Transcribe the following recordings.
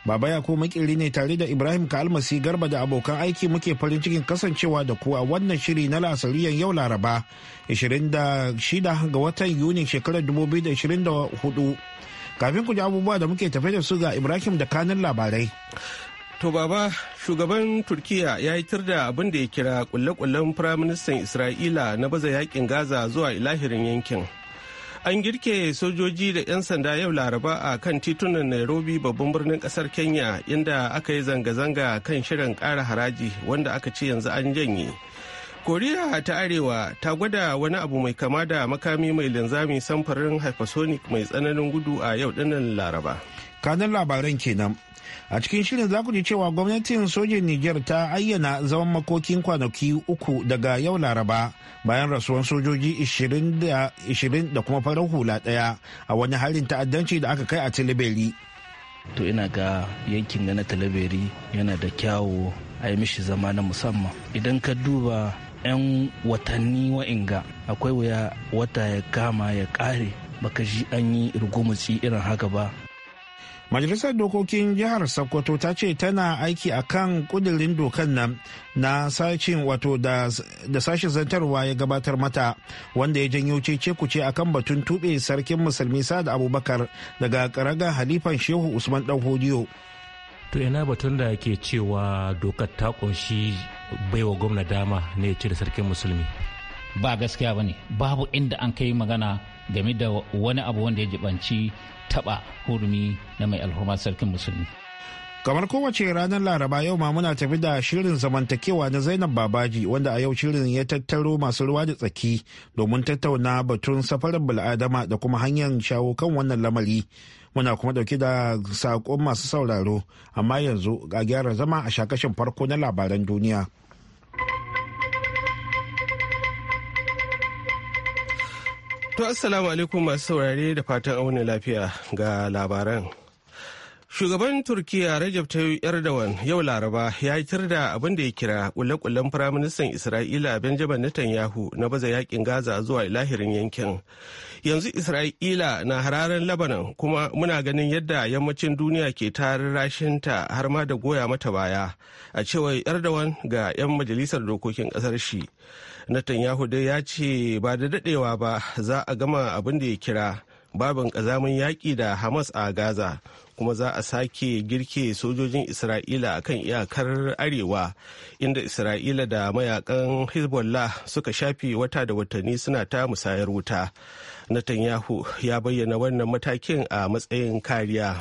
Baba ya ko makiri ne tare da Ibrahim ka almasi Garba da abokan aiki muke farin cikin kasancewa da kuwa wannan shiri na lasariyan yau Laraba 26 ga watan Yuni shekarar 2024. Kafin ku ji abubuwa da muke tafe da su ga Ibrahim da kanin labarai. To baba shugaban Turkiya ya yitar da abin da ya kira kulle-kullen firaministan Isra'ila na baza yakin Gaza zuwa ilahirin yankin. an girke sojoji da 'yan sanda yau laraba a kan titunan nairobi babban birnin kasar kenya inda aka yi zanga-zanga kan shirin kara haraji wanda aka ce yanzu an janye koriya ta arewa ta gwada wani abu mai kama da makami mai linzami samfurin hypersonic mai tsananin gudu a yau dinnan laraba kanan labaran kenan a cikin shirin za ku ji cewa gwamnatin sojin niger ta ayyana zaman makokin kwanaki uku daga yau laraba bayan rasuwan sojoji 20 da kuma farar hula daya a wani halin ta'addanci da aka kai a tilibiri to ina ga yankin na talabiri yana da kyawo a yi mishi zama na musamman idan ka duba 'yan watanni wa'inga akwai wuya wata ya kama ya kare baka ji an yi rugumuci irin haka ba Majalisar Dokokin Jihar Sokoto ta ce tana aiki a kan kudirin dokan nan na sashen wato da, sashen zantarwa ya gabatar mata wanda ya janyo cece kuce akan batun tube sarkin musulmi Sa'ad Abubakar daga karaga halifan Shehu Usman Danhodiyo. To ina batun da ke cewa dokar ta kunshi baiwa gwamna dama ne ya da sarkin musulmi. Ba gaskiya ba babu inda an kai magana game da wani abu wanda ya jibanci taba hurumi na mai alhurma sarkin musulmi kamar kowace ranar laraba yau ma muna tafi da shirin zamantakewa na zainab babaji wanda a yau shirin ya tattaro masu ruwa da tsaki domin tattauna batun safarin bil'adama da kuma hanyar shawo kan wannan lamari muna kuma dauke da saƙon masu sauraro amma yanzu ga gyara zama a shakashin farko na labaran duniya. To assalamu alaikum masu saurare da fatan auna lafiya ga labaran. Shugaban Turkiya Rajab Tayyip Erdogan yau Laraba ya yi da abin da ya kira kule-kulen Firaministan Isra'ila Benjamin Netanyahu na baza yakin Gaza zuwa lahirin yankin. Yanzu Isra'ila na hararen Lebanon kuma muna ganin yadda yammacin duniya ke tarin rashinta har ma da goya mata baya a cewar Erdogan ga 'yan majalisar dokokin ƙasar shi. Netanyahu dai ya ce ba da daɗewa ba za a gama abin da ya kira babin ƙazamin yaƙi da Hamas a Gaza kuma za a sake girke sojojin Isra'ila a kan iyakar arewa inda Isra'ila da mayakan Hezbollah suka shafi wata da watanni suna ta musayar wuta. Netanyahu ya bayyana wannan matakin a matsayin kariya.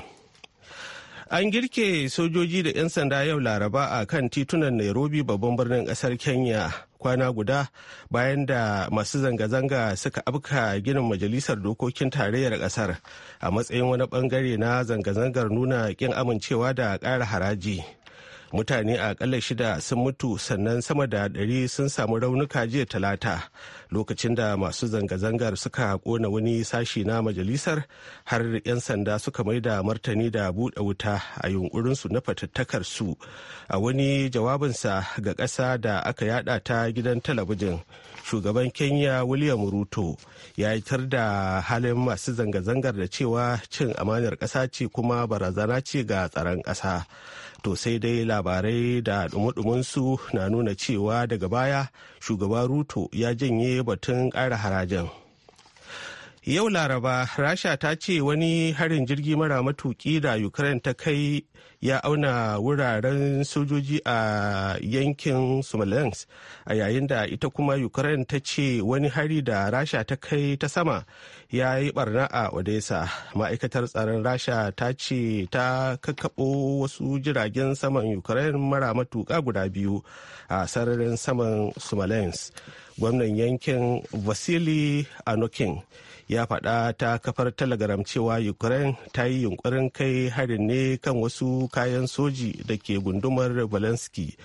An girke sojoji da 'yan sanda yau Laraba a kan titunan Nairobi babban birnin ƙasar Kenya. kwana guda bayan da masu zanga-zanga suka afka ginin majalisar dokokin tarayyar kasar a matsayin wani bangare na zanga-zangar nuna kin amincewa da ƙara haraji. mutane a akalla shida sun mutu sannan sama da ɗari sun samu raunuka jiya talata lokacin da masu zanga-zangar suka kona wani sashi na majalisar har 'yan sanda suka mai da martani da buɗe wuta a yunkurinsu na fatattakar su a wani jawabinsa ga ƙasa da aka yada ta gidan talabijin shugaban kenya william ruto ya yitar da halin masu zanga-zangar da cewa cin amanar ƙasa ce kuma barazana ce ga tsaron ƙasa to sai dai labarai da dumudumunsu na nuna cewa daga baya shugaba ruto ya janye batun kara harajen yau laraba rasha ta ce wani harin jirgi mara matuki da ukraine ta kai ya auna wuraren sojoji a yankin somalians a yayin da ita kuma ukraine ta ce wani hari da rasha ta kai ta sama ya yi barna a odessa ma'aikatar tsaron rasha ta ce ta kakkaɓo wasu jiragen saman ukraine mara matuƙa guda biyu a sararin saman somalians gwamnan yankin vasili anokin ya faɗa ta kafar telegram cewa ukraine ta yi yunkurin kai harin ne kan wasu kayan soji da ke gundumar Balanski,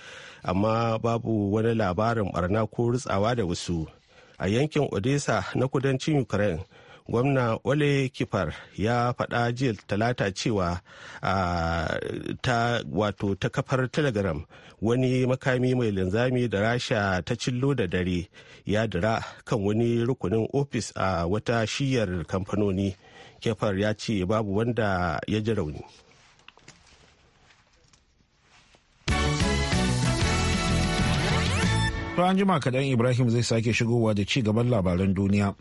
amma babu wani labarin barna ko rutsawa da wasu. A yankin Odessa na kudancin Ukraine, gwamna Ole Kifar ya faɗa jiya talata cewa ta wato ta kafar telegram wani makami mai linzami da rasha ta cillo da dare ya dira kan wani rukunin ofis a wata shiyar kamfanoni. Kefar ya ce babu wanda ya ji rauni. To an jima kaɗan Ibrahim zai sake shigowa da ci gaban labaran duniya.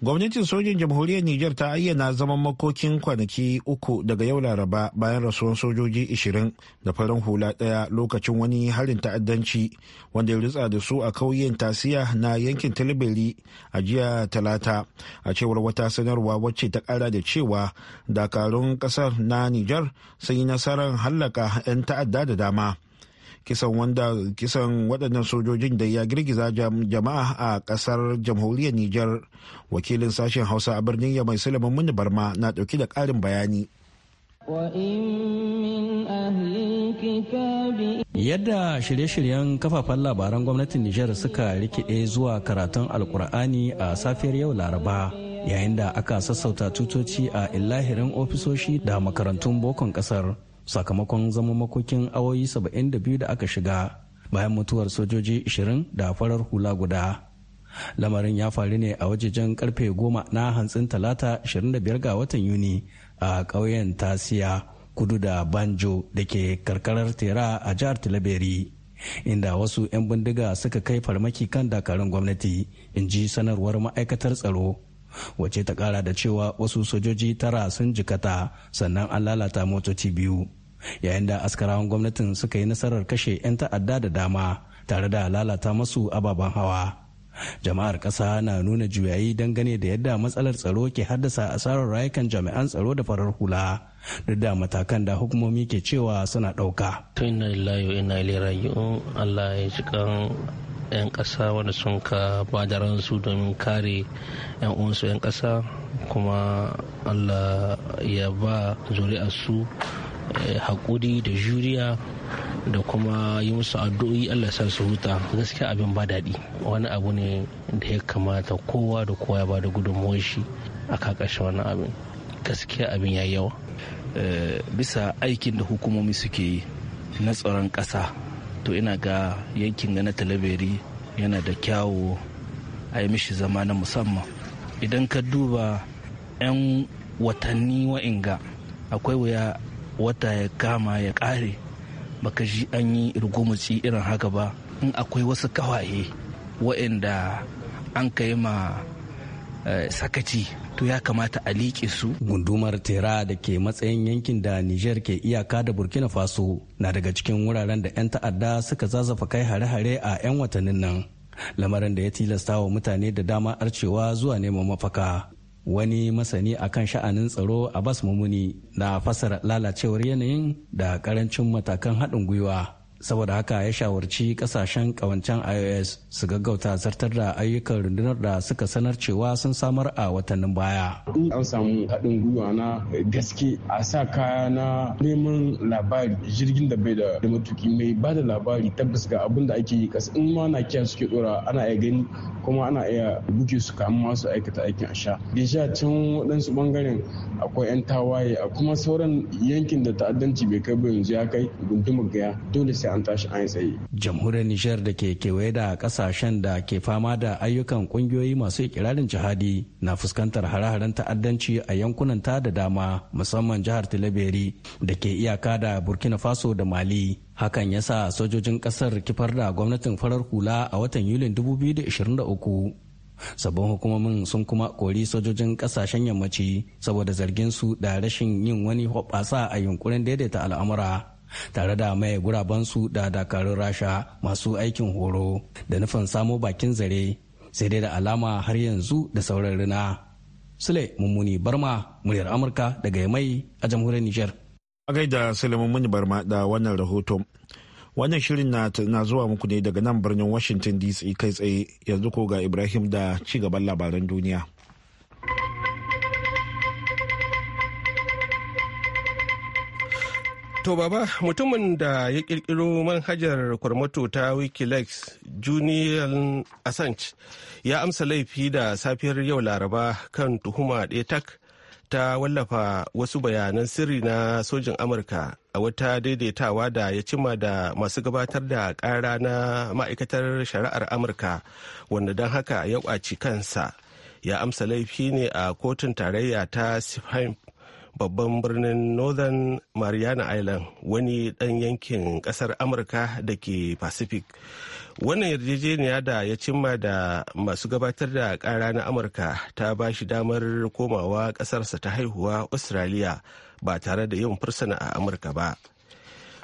Gwamnatin sojin jamhuriyar Nijar ta ayyana zaman makokin kwanaki uku daga yau laraba bayan rasuwan sojoji 20 da farin hula ɗaya lokacin wani harin ta'addanci wanda ya ritsa da su a kauyen tasiya na yankin talibiri a jiya talata a cewar wata sanarwa wacce ta kara da cewa dakarun ƙasar na Nijar sun yi nasarar hallaka 'yan ta'adda da dama. kisan wanda kisan waɗannan sojojin da ya girgiza jama'a a ƙasar jamhuriyar Nijar wakilin sashen Hausa a birnin ya mai Sulaiman Muni Barma na ɗauki da ƙarin bayani. Yadda shirye-shiryen kafafen labaran gwamnatin Nijar suka rikide zuwa karatun Alkur'ani a safiyar yau Laraba yayin da aka sassauta tutoci a illahirin ofisoshi da makarantun bokon kasar. sakamakon zama makokin awoyi 72 da aka shiga bayan mutuwar sojoji 20 da farar hula guda lamarin ya faru ne a wajejen karfe 10 na hantsin talata 25 ga watan yuni a ƙauyen tasiya kudu da banjo da ke karkarar tera a jihar tilaberi inda wasu 'yan bindiga suka kai farmaki kan dakarun gwamnati in ji sanarwar ma'aikatar tsaro wace ta kara da cewa wasu sojoji tara sun jikata sannan an lalata motoci biyu yayin da askarawan gwamnatin suka yi nasarar kashe 'yan ta'adda da dama tare da lalata masu ababen hawa jama'ar ƙasa na nuna juyayi dangane da yadda matsalar tsaro ke haddasa asarar rayukan jami'an tsaro da farar hula duk da matakan da hukumomi ke cewa suna ɗauka. to ina lillahi wa ilaihi Allah ya 'yan ƙasa wanda sun ka ba da ransu domin kare 'yan uwansu 'yan ƙasa kuma allah ya ba su eh, haƙuri da juriya da kuma yi musu addu'o'i Allah sa su huta gaskiya abin ba daɗi wani abu ne da ya kamata kowa da kowa ya da gudunmuwar shi a kakashe wannan abin gaskiya abin ya yawa eh, bisa aikin da hukumomi suke yi na tsaron ƙasa to ina ga yankin na talaberi yana da kyawo a yi mishi zama na musamman idan ka duba 'yan watanni wa'inga akwai wuya wata ya kama ya kare baka ji an yi rugumuci irin haka ba in akwai wasu kawaye wa'inda an kai ma eh, sakaci to ya kamata a liƙe su. Gundumar Tera da ke matsayin yankin da Nijar ke iyaka da Burkina Faso na daga cikin wuraren da 'yan ta'adda suka zazzafa kai hare-hare a 'yan watannin nan. Lamarin da ya tilasta wa mutane da dama arcewa zuwa neman mafaka. Wani masani a kan sha'anin tsaro Abbas Mumuni na fasara lalacewar yanayin da karancin matakan haɗin gwiwa. saboda haka ya shawarci kasashen kawancen ios su gaggauta zartar da ayyukan rundunar da suka sanar cewa sun samar a watannin baya an samu haɗin gwiwa na gaske a sa kaya na neman labari jirgin da bai da matuki mai ba da labari tabbas ga abin da ake yi kasa in ma na kiya suke dora ana iya gani kuma ana iya buke su kamun masu aikata aikin a sha deja can waɗansu bangaren akwai 'yan tawaye a kuma sauran yankin da ta'addanci bai kai ba yanzu ya kai gundumar gaya dole sai an tashi an tsaye. Jamhuriyar Nijar da ke kewaye da kasashen da ke fama da ayyukan kungiyoyi masu ikirarin jihadi na fuskantar hare-haren ta'addanci a yankunan ta da dama musamman jihar Tilaberi da ke iyaka da Burkina Faso da Mali. Hakan ya sa sojojin kasar kifar da gwamnatin farar hula a watan Yulin 2023. sabon hukumomin sun kuma kori sojojin kasashen yammaci saboda zargin su da rashin yin wani hoɓasa a yunkurin daidaita al'amura tare da maye gurabansu da dakarun rasha masu aikin horo da nufin samo bakin zare sai dai da alama har yanzu da sauran rina sule mummuni barma muryar amurka daga mai a jamhuriyar nijar a gaida sule mummuni barma da wannan rahoton wannan shirin na zuwa muku ne daga nan birnin washington dc kai tsaye yanzu ko ga ibrahim da ci gaban labaran duniya To baba mutumin da ya kirkiro manhajar kwarmato ta Wikileaks Julian Assange ya amsa laifi da safiyar yau Laraba kan tuhuma ɗaya tak ta wallafa wasu bayanan sirri na sojin Amurka a wata daidaitawa da ya cima da masu gabatar da ƙara na ma'aikatar shari'ar Amurka wanda don haka ya ƙwaci kansa ya amsa laifi ne a kotun tarayya ta Sipheim babban birnin northern mariana island wani dan yankin kasar amurka da ke pacific wannan yarjejeniya da ya cimma da masu gabatar da kara na amurka ta ba shi damar komawa kasarsa ta haihuwa australia ba tare da yin fursuna a amurka ba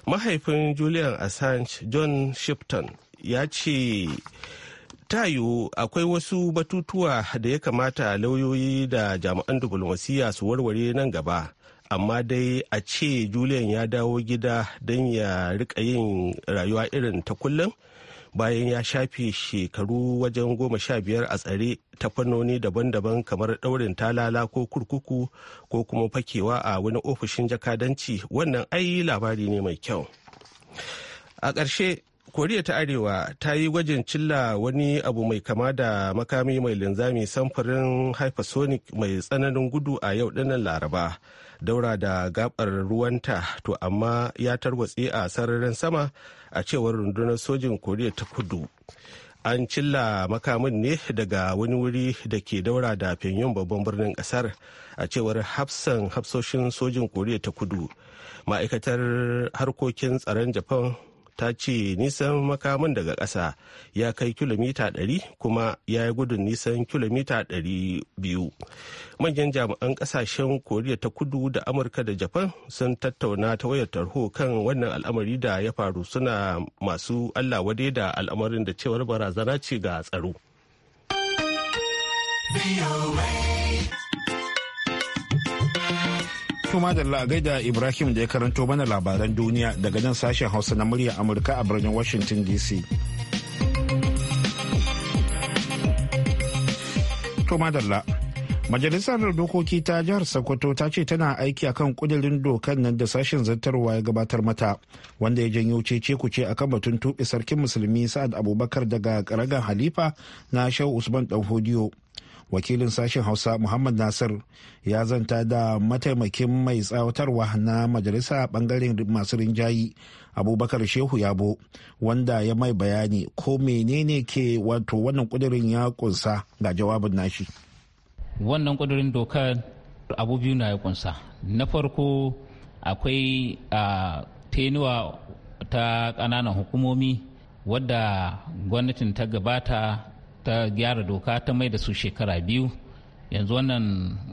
mahaifin julian assange john shipton ya ce ta yiwu akwai wasu batutuwa da ya kamata lauyoyi da jami'an diflomasiyya su warware nan gaba amma dai a ce julian ya dawo gida don ya rika yin rayuwa irin ta kullum bayan ya shafe shekaru wajen goma sha biyar a tsare ta fannoni daban-daban kamar ɗaurin talala ko kurkuku ko kuma fakewa a wani ofishin jakadanci wannan ai labari ne mai kyau a ƙarshe koriya ta arewa ta yi gwajin cilla wani abu mai kama da makami mai linzami samfurin hypersonic mai tsananin gudu a yau dinnan laraba daura da gabar ruwanta to amma ya tarwatse a sararin sama a cewar rundunar sojin koriya ta kudu an cilla makamin ne daga wani wuri da ke daura da fenyon babban birnin kasar a cewar hafsan hafsoshin sojin koriya ta kudu ma'aikatar harkokin tsaron japan ta ce nisan makamin daga ƙasa ya kai kilomita 100 kuma ya yi gudun nisan kilomita 200 manyan jami'an ƙasashen koriya ta kudu da amurka da japan sun tattauna ta wayar tarho kan wannan al'amari da ya faru suna masu allah wade da al'amarin da cewar barazana ce ga tsaro Tuma da gaida Ibrahim da ya karanto mana labaran duniya daga nan sashen Hausa na murya Amurka a birnin Washington DC. Majalisar Dokoki ta Jihar Sokoto ta ce tana aiki a kan kudirin dokan nan da sashen zartarwa ya gabatar mata wanda ya janyo cece kuce akan batun tuɓe sarkin musulmi Sa'ad Abubakar daga ƙaragan Halifa na Shehu Usman Danhodiyo. wakilin sashen hausa muhammad nasir ya zanta da mataimakin mai tsawatarwa na majalisa bangaren masu rinjayi abubakar shehu yabo wanda ya mai bayani ko menene ke wato wannan kudirin ya kunsa ga jawabin nashi wannan kudirin dokar abubuwa na ya kunsa na farko akwai a tenuwa ta ƙananan hukumomi wadda gwamnatin ta gabata ta gyara doka ta mai da su shekara biyu yanzu wannan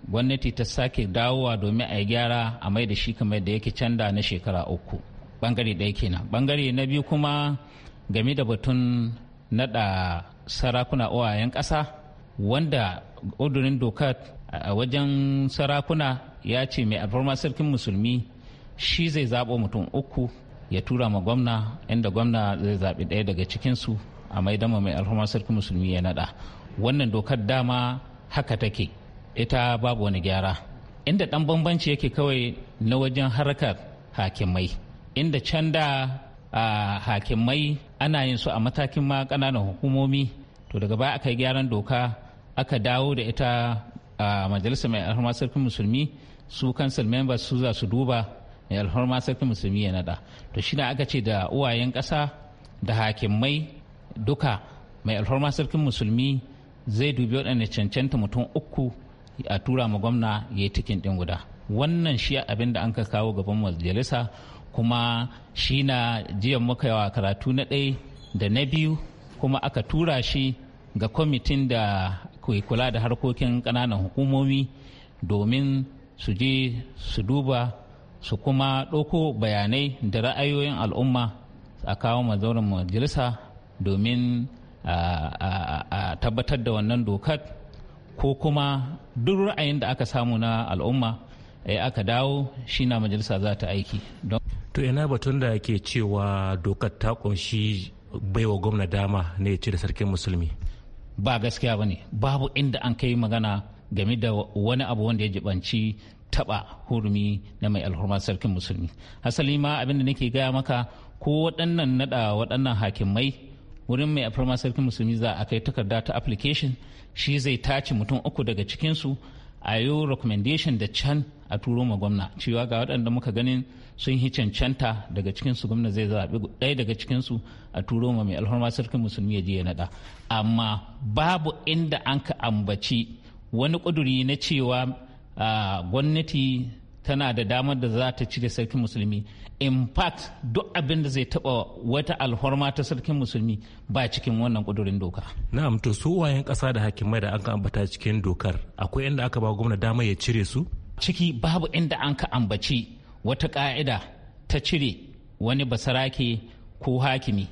gwamnati ta sake dawowa domin a gyara a mai da shi kamar da yake canda na shekara uku bangare ɗaya kenan bangare na biyu kuma game da batun naɗa sarakuna owayen ƙasa wanda ƙudurin doka a wajen sarakuna ya ce mai alfarma sarkin musulmi shi zai zaɓo mutum uku ya tura ma gwamna inda gwamna zai zaɓi ɗaya daga cikinsu a maidama mai alhama sarki musulmi ya nada wannan dokar dama haka take ita babu wani gyara inda dan bambanci yake kawai na wajen harkar hakimai inda can da hakimai ana yin su a matakin ma kananan hukumomi to daga baya aka yi gyaran doka aka dawo da ita a majalisar mai alhama sarki musulmi su council members su za su duba mai alhama sarki musulmi ya nada to shi aka ce da uwayen ƙasa da hakimai duka mai alfarma sarkin musulmi zai dubi waɗanda cancanta mutum uku a tura ma gwamna ya yi tikin ɗin guda wannan shi abin da an ka kawo gaban majalisa kuma shi na jiya muka yawa karatu na ɗaya da na biyu kuma aka tura shi ga kwamitin da ke kula da harkokin ƙananan hukumomi domin su je su duba su kuma ɗauko bayanai da ra'ayoyin al'umma a kawo majalisa domin a tabbatar da wannan dokar ko kuma duk ra'ayin da aka samu na al'umma eh, aka dawo shi na majalisa za ta aiki to ina batun da ke cewa dokar ta kunshi baiwa gwamna dama ne ya cire sarkin musulmi ba gaskiya ba ne babu inda an kai magana game da wani abu wanda ya jibanci taba hurumi na mai alhurma sarkin musulmi asali ma abinda nake gaya maka ko waɗannan naɗa waɗannan hakimai wurin mai afirma sarkin musulmi za a kai takarda ta application shi zai tace mutum uku daga cikinsu a yi recommendation da can a turo ma gwamna cewa ga waɗanda muka ganin sun yi cancanta daga cikinsu gwamna zai zaɓi ɗaya daga cikinsu a turo ma mai alfarma sarkin musulmi ya je ya naɗa amma babu inda an ka ambaci wani ƙuduri na cewa ah, gwamnati tana da damar da za ta cire sarkin musulmi in fact duk abin da zai taba wata alhorma ta sarkin musulmi ba cikin wannan kudurin doka na'am to su wayan kasa da hakimai da aka ambata cikin dokar akwai inda aka ba gwamna damar ya cire su ciki babu inda an ka ambaci wata ka'ida ta cire wani basarake ko hakimi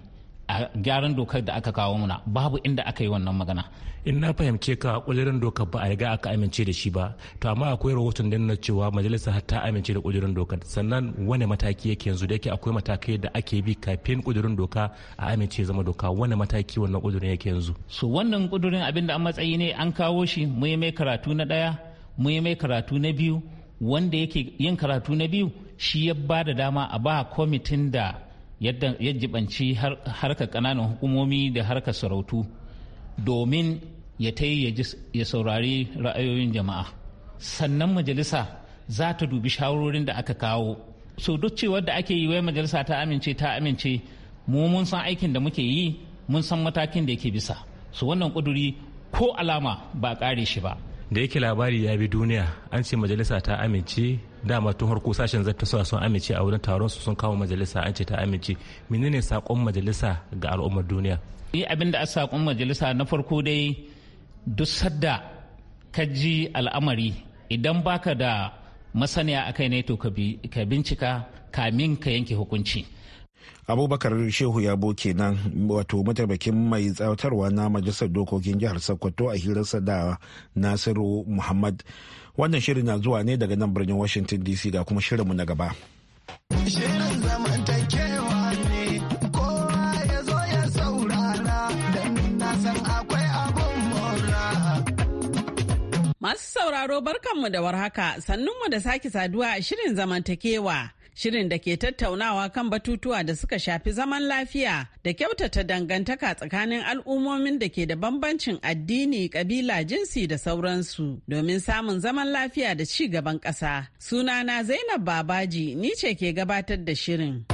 a gyaran dokar da aka kawo muna babu inda aka yi wannan magana in na fahimce ka kudurin dokar ba a riga aka amince da shi ba to amma akwai rahoton da cewa majalisa har ta amince da kudurin dokar sannan wani mataki yake yanzu da yake akwai matakai da ake bi kafin kudurin doka a amince zama doka wani mataki wannan kudirin yake yanzu so wannan kudurin abinda an matsayi ne an kawo shi mu yi mai karatu na daya mu yi mai karatu na biyu wanda yake yin karatu na biyu shi ya ba da dama a ba kwamitin da yadda ya jibanci harkar ƙananan hukumomi da harkar sarautu domin ya ta yi ya saurari ra'ayoyin jama'a sannan majalisa za ta dubi shawarorin da aka kawo so duk cewar da ake yi wai majalisa ta amince ta amince mu mun san aikin da muke yi mun san matakin da yake bisa so wannan kuduri ko alama ba kare shi ba da yake labari ya bi duniya an ce majalisa ta amince dama tun harko sashen zata suna sun amince a wurin taron su sun kawo majalisa an ce ta amince menene sakon majalisa ga al'ummar duniya ni eh, abin da a sakon majalisa na farko dai duk sadda ka ji al'amari idan baka da masaniya akai ne to ka bincika kamin ka yanke hukunci abubakar shehu ya boke nan wato mataimakin mai tsawatarwa na majalisar dokokin jihar sokoto a hirarsa da nasiru muhammad wannan shirin na zuwa ne daga nan birnin washington dc ga kuma shirinmu na gaba shirin zamantakewa ne ya ya saurara don akwai abun masu sauraro barkanmu da warhaka sannunmu da sake saduwa a shirin zamantakewa shirin da ke tattaunawa kan batutuwa da suka shafi zaman lafiya da kyautata dangantaka tsakanin al'ummomin da ke da bambancin addini, kabila, jinsi da sauransu domin samun zaman lafiya da ci gaban ƙasa. Sunana Zainab Babaji ni ce ke gabatar da shirin.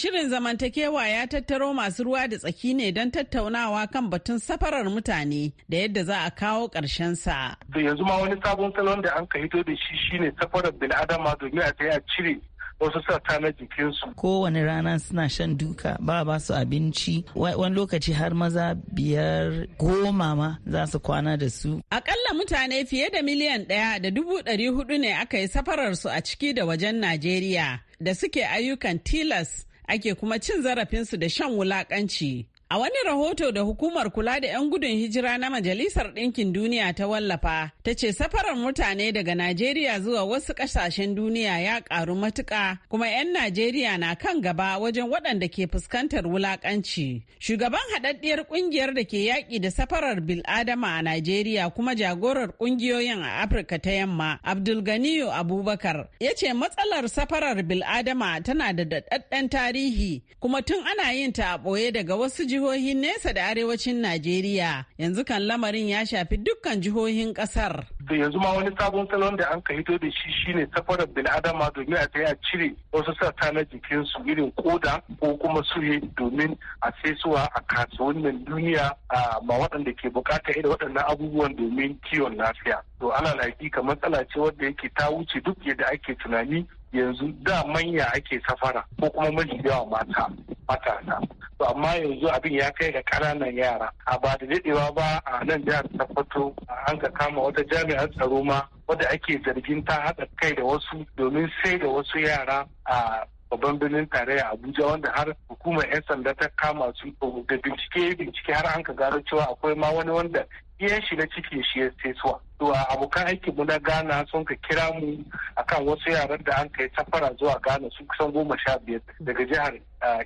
shirin zamantakewa ya tattaro masu ruwa da tsaki ne don tattaunawa kan batun safarar mutane da yadda za a kawo ƙarshen sa. Da yanzu ma wani sabon salon da an ka da shi shine safarar bil'adama domin a a cire wasu sata na jikinsu. Kowane rana suna shan duka ba ba su abinci wani lokaci har maza biyar goma ma za su kwana da su. Akalla mutane fiye da miliyan ɗaya da dubu ɗari hudu ne aka yi safarar su a ciki da wajen Najeriya da suke ayyukan tilas ake kuma cin zarafinsu da shan wulakanci A wani rahoto da hukumar kula da 'yan gudun hijira na Majalisar Ɗinkin Duniya ta wallafa, ta ce safarar mutane daga Najeriya zuwa wasu ƙasashen duniya ya ƙaru matuƙa, kuma 'yan Najeriya na kan gaba wajen waɗanda ke fuskantar wulaƙanci. Shugaban haɗaɗɗiyar ƙungiyar da ke yaƙi da safarar bil'adama a Najeriya kuma jagorar ƙungiyoyin a Afirka ta Yamma, Abdulganiyu Abubakar, ya ce matsalar safarar bil'adama tana da daɗaɗɗen tarihi, kuma tun ana yin ta a ɓoye daga wasu jihohin nesa da arewacin Najeriya yanzu kan lamarin ya shafi dukkan jihohin kasar. da yanzu ma wani sabon salon da an ka da shi shine safarar adama domin a a cire wasu sata na jikinsu irin koda ko kuma suhe domin a saisuwa a kasuwannin duniya a ma waɗanda ke bukata irin waɗannan abubuwan domin kiwon lafiya. To ana laifi kamar matsala ce wadda yake ta wuce duk yadda ake tunani yanzu da manya ake safara ko kuma mafi yawa mata matasa to amma yanzu abin ya kai ga kananan yara a ba da daɗewa ba a nan jihar tabbato an ka kama wata jami'ar tsaro ma wadda ake zargin ta haɗa kai da wasu domin sai da wasu yara a babban birnin tarayya abuja wanda har hukumar 'yan sanda ta kama su da bincike bincike har an ka gano cewa akwai ma wani wanda iyan shi na ciki shi ya sai suwa abokan aikin mu na Ghana sun ka kira mu akan wasu yaran da an kai safara zuwa Ghana sun kusan goma sha biyar daga jihar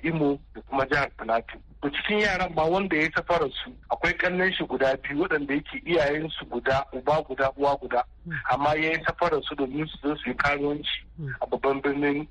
Imo da kuma jihar Plateau. To cikin yaran ba wanda ya safara su akwai kallon shi guda biyu waɗanda yake iyayen su guda uba guda uwa guda amma ya yi safarar su domin su zo su yi karuwanci hmm. a babban birnin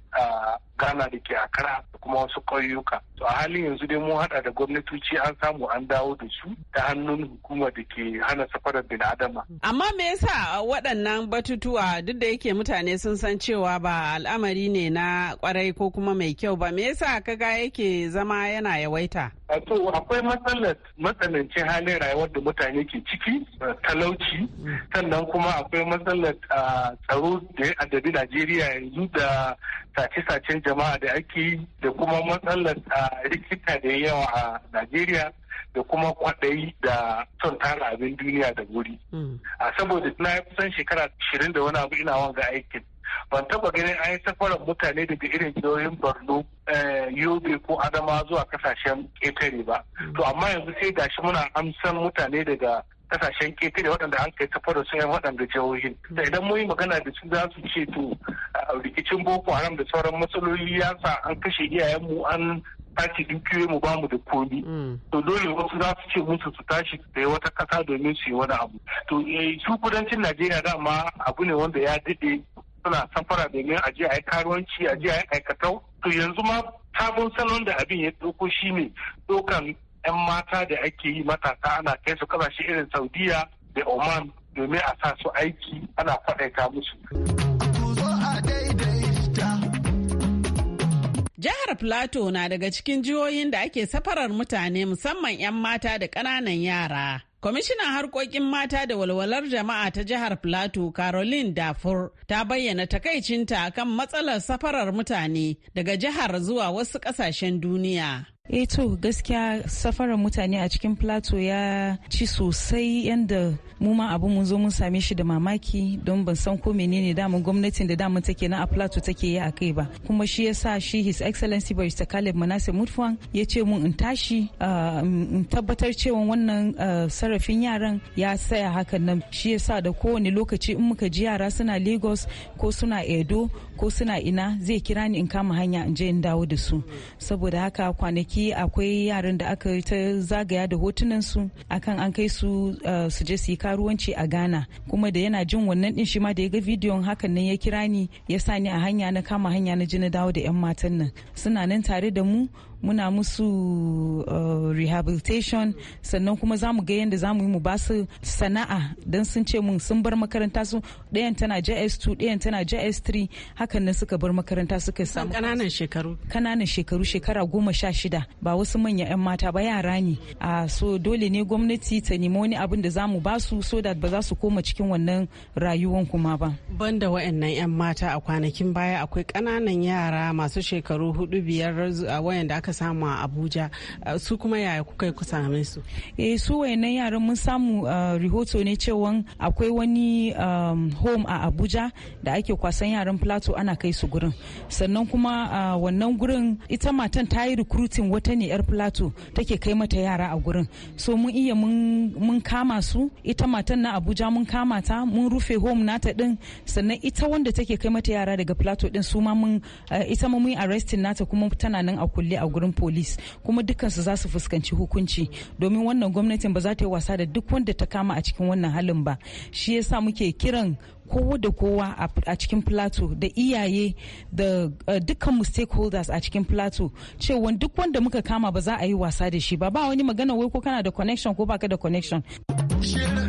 ghana da ke akara da kuma wasu ƙauyuka to a halin yanzu dai mun hada da gwamnatoci an samu an dawo da su ta hannun hukumar da ke hana safarar bin adama amma me yasa waɗannan batutuwa duk da yake mutane sun san cewa ba al'amari ne na kwarai ko kuma mai kyau ba me yasa kaga yake zama yana yawaita to akwai matsalar matsanancin halin rayuwar da mutane ke ciki talauci sannan kuma akwai matsalar tsaro da ya addabi najeriya yanzu da sace-sacen jama'a da ake yi da kuma matsalar rikita da yawa a najeriya da kuma kwaɗayi da son tara abin duniya da wuri. Hmm. A saboda na yi kusan shekara ashirin da wani abu ina wanga aikin. ban taba ganin an yi safarar mutane daga irin jihohin borno eh, yobe ko adama zuwa kasashen ƙetare ba to amma yanzu sai gashi muna amsan mutane daga kasashen ketare waɗanda an kai safara sun yi waɗanda jihohin da idan mun yi magana da su za su ce to ah, rikicin boko haram da sauran matsaloli ya sa an kashe iyayen mu an tashi dukiyoyi mu bamu da komi mm. to dole wasu za su ce musu su tashi da wata kasa domin su yi wani abu to eh, su kudancin najeriya dama abu ne wanda ya daɗe suna safara domin a je yi karuwanci a je yi aikatau to yanzu ma sabon salon da abin ya ɗauko shi ne ɗaukan 'yan mata da ake yi matasa ana kai su kasashe irin saudiya da oman domin a sa su aiki ana faɗaita musu. Jihar Plato na daga cikin jihohin da ake safarar mutane musamman 'yan mata da ƙananan yara. Kwamishinan harkokin mata da walwalar jama'a ta jihar Plateau Caroline Dafur ta bayyana takaicinta kan matsalar safarar mutane daga jihar zuwa wasu ƙasashen duniya. E to gaskiya safarar mutane a cikin plateau ya ci sosai yadda mu ma abu mun zo mun same shi da mamaki don ban san ko menene damun gwamnatin da damun take na a plateau take yi a kai ba kuma shi yasa shi his excellency barista Caleb Manasse Mutfwan ya ce mun in tashi ah, in tabbatar cewa wannan ah, sarrafin yaran ya tsaya hakan nan shi yasa da kowane lokaci in muka ji yara suna Lagos ko suna Edo ko suna ina zai kira ni in kama hanya in je in dawo da su saboda haka kwanaki ciki akwai yaran da aka ta zagaya da hotunan su akan an kai su eh, su je su yi karuwanci a Ghana kuma da yana jin wannan din shi ma da ya ga bidiyon hakan nan ya kira ni ya sa ni a hanya na kama hanya na jina dawo da yan matan nan suna nan tare da mu muna musu uh, rehabilitation sannan kuma za mu ga yadda za mu yi mu ba su sana'a don sun ce mun sun bar makaranta su ɗayan tana js2 ɗayan tana js3 hakan nan suka bar makaranta suka samu kananan shekaru kananan shekaru shekara goma sha shida ba wasu manya 'yan mata ba yara ne a so dole ne gwamnati ta nemi wani abin da za mu ba su so da ba za su koma cikin wannan rayuwan kuma ba banda wa'annan 'yan mata a kwanakin baya akwai kananan yara masu shekaru hudu biyar a wayanda aka samu a abuja uh, su kuma yaya kuka yi ku same su eh su wayannan yaran mun samu uh, rihoto ne cewa akwai wani um, home a abuja da ake kwasan yaran plato ana kai su gurin sannan kuma uh, wannan gurin ita matan ta yi recruiting wata ne yar plato take kai mata yara a gurin so mun iya mun kama su ita matan na abuja mun kama ta mun rufe home nata din sannan ita wanda take kai mata yara daga plato din su ma mun ita ma mun arrestin nata kuma tana nan a kulle a gurin wurin polis kuma dukansu za su fuskanci hukunci domin wannan gwamnatin ba za ta yi wasa da duk wanda ta kama a cikin wannan halin ba shi yasa muke kiran kowa da kowa a cikin plateau da iyaye da eh, dukkan mu stakeholders a cikin plateau cewa duk wanda muka kama ba za a yi wasa da shi ba ba wani magana wai ko kana da connection ko baka da connection shirin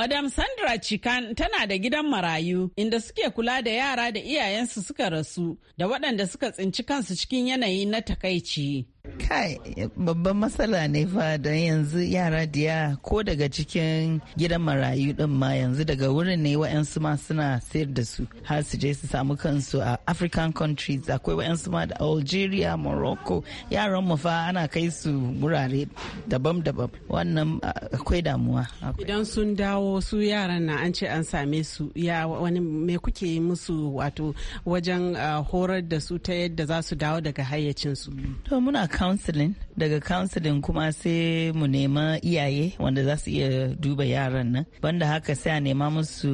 Madam Sandra Chikan tana da gidan marayu inda suke kula da yara da iyayensu suka rasu da waɗanda suka tsinci kansu cikin yanayi na takaici. Kai babban matsala ne fa don yanzu yara diya ko daga cikin gidan marayu din ma yanzu daga wurin ne wa'yansu ma suna sayar da su har su je su samu kansu a African countries akwai wa'yansu ma da Algeria, Morocco yaran mu fa ana kai su wurare daban-daban wannan akwai damuwa. Idan sun dawo su yaran na an ce an same su ya wani me kuke yi musu wato wajen horar da su ta yadda za su dawo daga hayyacinsu. To muna counseling daga counseling kuma sai mu nema iyaye wanda za su iya duba yaran nan banda haka sai a nema musu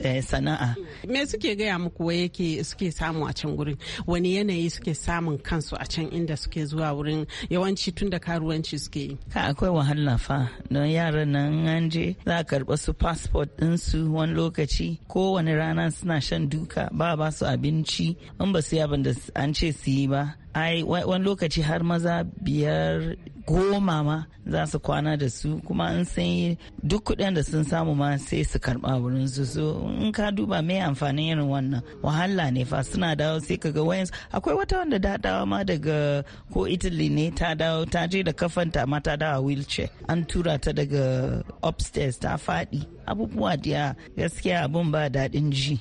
eh, sana'a me suke gaya muku wai yake suke samu a can gurin wani yanayi suke samun kansu a can inda suke zuwa wurin yawanci tun da karuwanci suke yi ka akwai wahala fa don yaran nan an je za a karɓa su passport ɗinsu wani lokaci ko wani rana suna shan duka ba ba su abinci in ba su yi abin da an ce su yi ba ai wani lokaci har maza biyar goma ma za su kwana da su kuma in san duk kuɗin da sun samu ma sai su karɓa wurin su so in ka duba mai amfanin irin wannan wahala ne fa suna dawo sai ka ga wayansu akwai wata wanda da dawo ma daga ko italy ne ta dawo ta je da kafanta ma ta dawo wheelchair an tura ta daga upstairs ta faɗi abubuwa da gaskiya abun ba daɗin ji.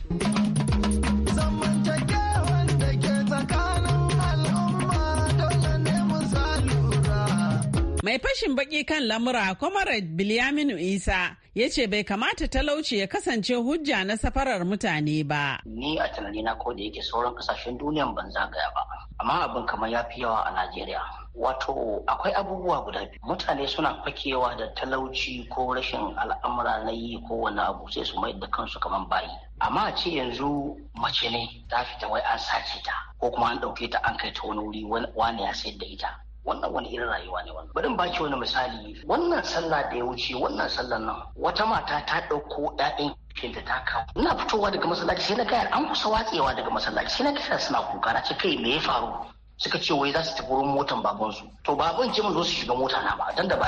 Mai fashin baki kan lamura Comrade Bilyaminu Isa ya ce bai kamata talauci ya kasance hujja na safarar mutane ba. Ni a tunani na ko da yake sauran kasashen duniyan ban zagaya ba. Amma abin kamar ya fi yawa a Najeriya. Wato akwai abubuwa guda biyu. Mutane suna fakewa da talauci ko rashin al'amura na yi ko wani abu sai su mai da kansu kamar bayi. Amma a ce yanzu mace ne ta fita wai an sace ta ko kuma an ɗauke ta an kai ta wani wuri wani ya sayar da ita. wannan wani irin rayuwa ne wannan bari baki wani misali wannan sallah da ya wuce wannan sallar nan wata mata ta ɗauko ɗaɗin kinta ta kawo ina fitowa daga masallaci sai na ga an kusa watsewa daga masallaci sai na ga suna kuka na ce kai me ya faru suka ce wai za su tafi wurin motan babansu to baban jimin zo su shiga mota na ba dan da ba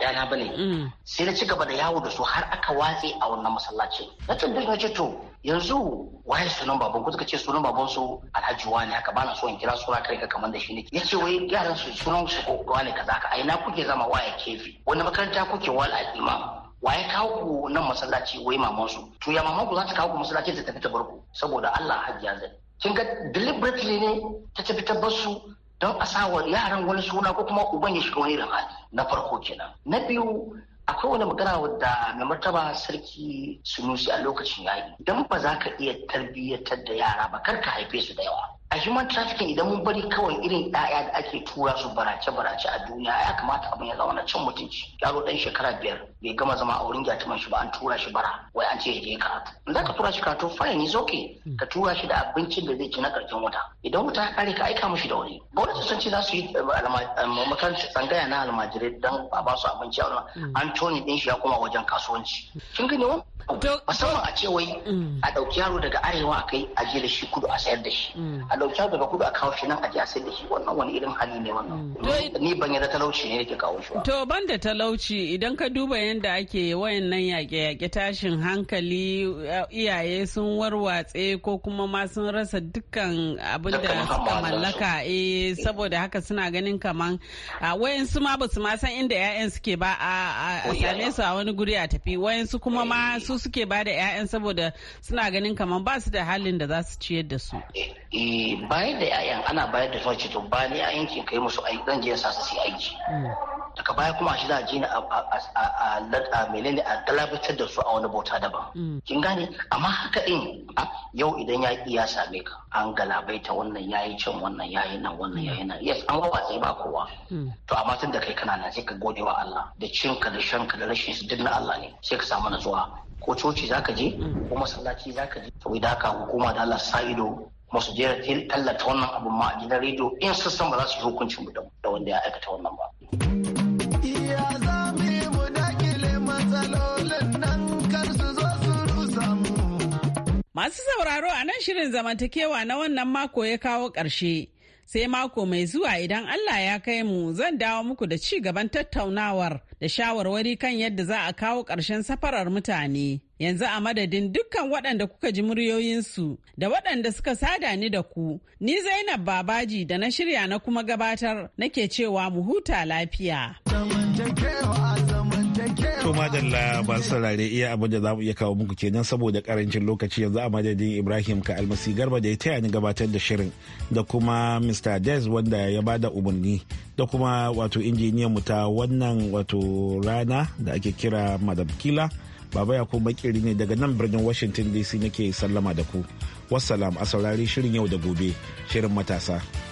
ya na bane sai na ci gaba da yawo da su har aka watse a wannan masallacin na tambayi na ce to yanzu wayar sunan baban ku suka ce sunan baban su alhaji wani haka bana so in kira sura kai ka kamar da shi nake ya ce wai yaran su sunan su ko wani kaza ka ai na kuke zama waye kefi wani makaranta kuke wal al-imam waye kawo ku nan masallaci wai maman su to ya maman ku za ta kawo ku masallaci ta tafi ta barku saboda Allah ya zai kin ga deliberately ne ta tafi ta bar su don a sa wa yaran wani suna ko kuma uban ya shiga wani rahali na farko kenan na biyu akwai wani magana wadda mai martaba sarki sunusi a lokacin yayi idan ba za ka iya tarbiyyatar da yara ba kar ka haife su da yawa a human trafficking idan mun bari kawai irin ɗaya da ake tura su barace barace a duniya ya kamata abin ya zama na cin mutunci yaro ɗan shekara biyar bai gama zama a wurin gyatuman shi ba an tura shi bara wai an ce ya je karatu in za ka tura shi karatu fine is okay ka tura shi da abincin da zai ci na karshen wata idan wuta ya kare ka aika mishi da wuri wani sun ce za su yi eh, eh, makarantar tsangaya na almajirai dan ba su abinci a hmm. an tone din shi ya koma wajen kasuwanci kin gani musamman a ce wai mm. a ɗauki yaro daga arewa a kai a je da shi kudu a sayar da shi mm. a ɗauki yaro daga kudu a kawo shi nan a je a sayar da shi wannan wani irin hali ne wannan mm. ni ban da talauci ne yake kawo shi to ban da talauci idan ka duba yadda ake wayannan yaƙe-yaƙe tashin hankali iyaye sun warwatse ko kuma ma sun rasa dukkan abin da suka mallaka eh saboda haka suna ganin kaman wayansu ma ba su ma san inda 'ya'yan suke ba a same su a wani guri a tafi wayansu kuma ma su suke ba da 'ya'yan saboda suna ganin kamar ba su da halin da za su ciyar da su. E, bayar da 'ya'yan ana bayar da sauci to ba ne 'ya'yan ki kai musu aiki zan je sa su aiki. Hmm. Daga baya kuma shi za a jina a menene a galabatar da su a wani bauta daban. Hmm. Kin gane amma haka in yau idan ya ya same ka an galabaita wannan ya yi can wannan ya yi nan wannan ya yi nan yes an wawatsa ba kowa. Hmm. To amma tun da kai kana nan sai ka gode wa Allah da cinka da shanka da rashin su duk na Allah ne sai ka samu natsuwa ko coci zaka je ko masallaci zaka je saboda haka hukuma da Allah sa ido kuma su jera tallata wannan abun ma a gidan rediyo in sun san ba za su yi hukuncin mu da wanda ya aikata wannan ba. Masu sauraro a nan shirin zamantakewa na wannan mako ya kawo ƙarshe. Sai mako mai zuwa idan Allah ya kai mu zan dawo muku da ci gaban tattaunawar da shawarwari kan yadda za a kawo ƙarshen safarar mutane. Yanzu a madadin dukkan waɗanda kuka ji muryoyinsu da waɗanda suka sada ni da ku, ni Zainab Babaji da na shirya na kuma gabatar nake cewa mu huta lafiya. To madalla ba saurare iya abin da za mu iya kawo muku kenan saboda karancin lokaci yanzu a madadin Ibrahim ka almasi garba da ya taya ni gabatar da shirin da kuma Mr. Des wanda ya ba da umarni da kuma wato injiniyan mu ta wannan wato rana da ake kira Madam Kila Baba ya Yakubu Makiri ne daga nan birnin Washington DC nake sallama da ku. Wassalam a saurari shirin yau da gobe shirin matasa.